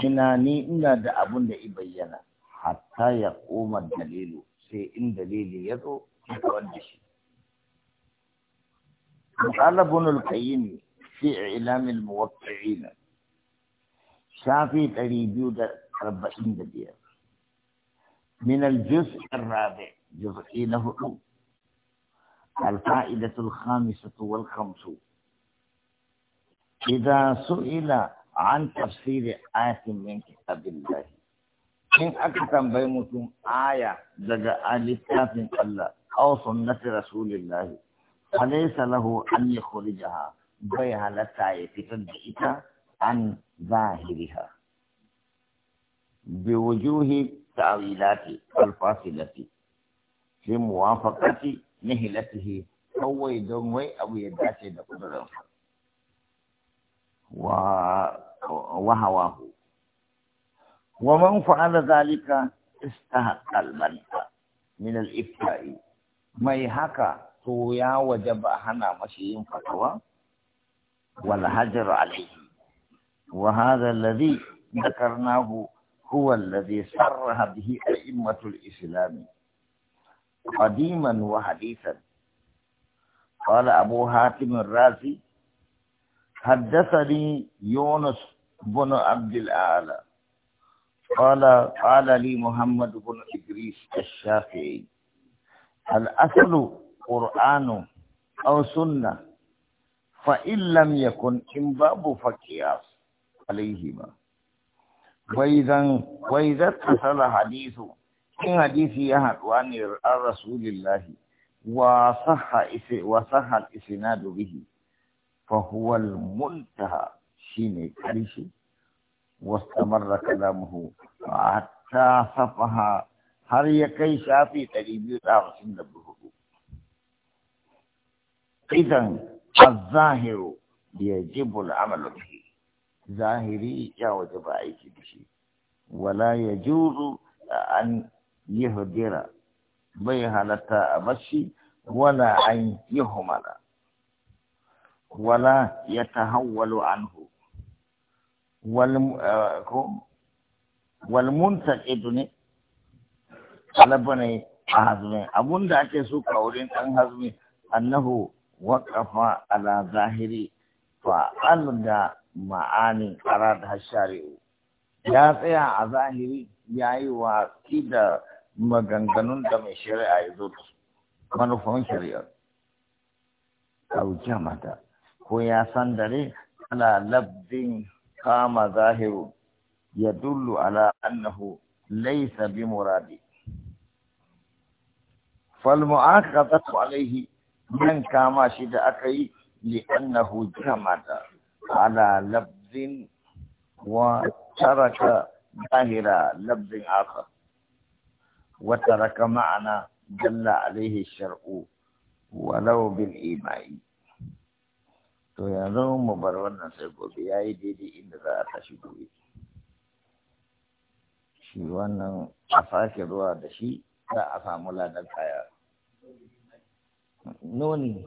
tunani ina da abun da i bayyana hatta ya koma dalilu sai in dalili ya zo da wanda shi قال ابن القيم في إعلام الموقعين شافي تريبيو أربعين دقيقة من الجزء الرابع جزء له الفائدة الخامسة والخمسون إذا سئل عن تفسير آيات من كتاب الله إن أكتم بينكم آية دجا لكتاب الله أو سنة رسول الله فليس له أن يخرجها بيها لتاية فتدئتا عن ظاهرها بوجوه تعويلات الفاصلة في موافقة نهلته هو يدوم وي أو يداتي لقدر الخلق وهواه ومن فعل ذلك استحق المنفى من الإفتاء ما تو يا وجب هنا مشيين فتوى والهجر عليه وهذا الذي ذكرناه هو الذي صرح به أئمة الإسلام قديما وحديثا قال أبو حاتم الرازي حدثني يونس بن عبد الأعلى قال قال لي محمد بن إدريس الشافعي الأصل قرآن أو سنة فإن لم يكن امباب فقياس عليهما وإذا وإذا اتصل حديث إن حديث عن رسول الله وصح وصح الإسناد به فهو المنتهى shine ƙarshe واستمر كلامه حتى صفها har ya kai shafi ɗari biyu da hamsin da hudu. Idan azahiru ya jibu al'amalu fi zahiri ya waje ba aiki da shi, wala ya juru an yi hudira bai halatta a bashi wala an yi humala, wala ya tahawwalu anhu walmuntar eh, ido ne alaba ne a hazmi abunda ake so ka wurin ɗan hazmi annahu waƙafa ala zahiri fa'al da ma'ani arad hashari'u ya tsaya a zahiri ya yi watsi da maganganun da mai shari'a ya zo da manufan shari'ar wuce mata ko ya san dare ala labdin قام ظاهر يدل على أنه ليس بمراد فالمعاقبة عليه من كما شد أكي لأنه جمد على لفظ وترك ظاهر لفظ آخر وترك معنى جل عليه الشرع ولو بالإيمان to yanzu mu bar wannan sai gobe ya yi daidai inda za a tashi gobe shi wannan a sake zuwa da shi za a samu ladar kaya noni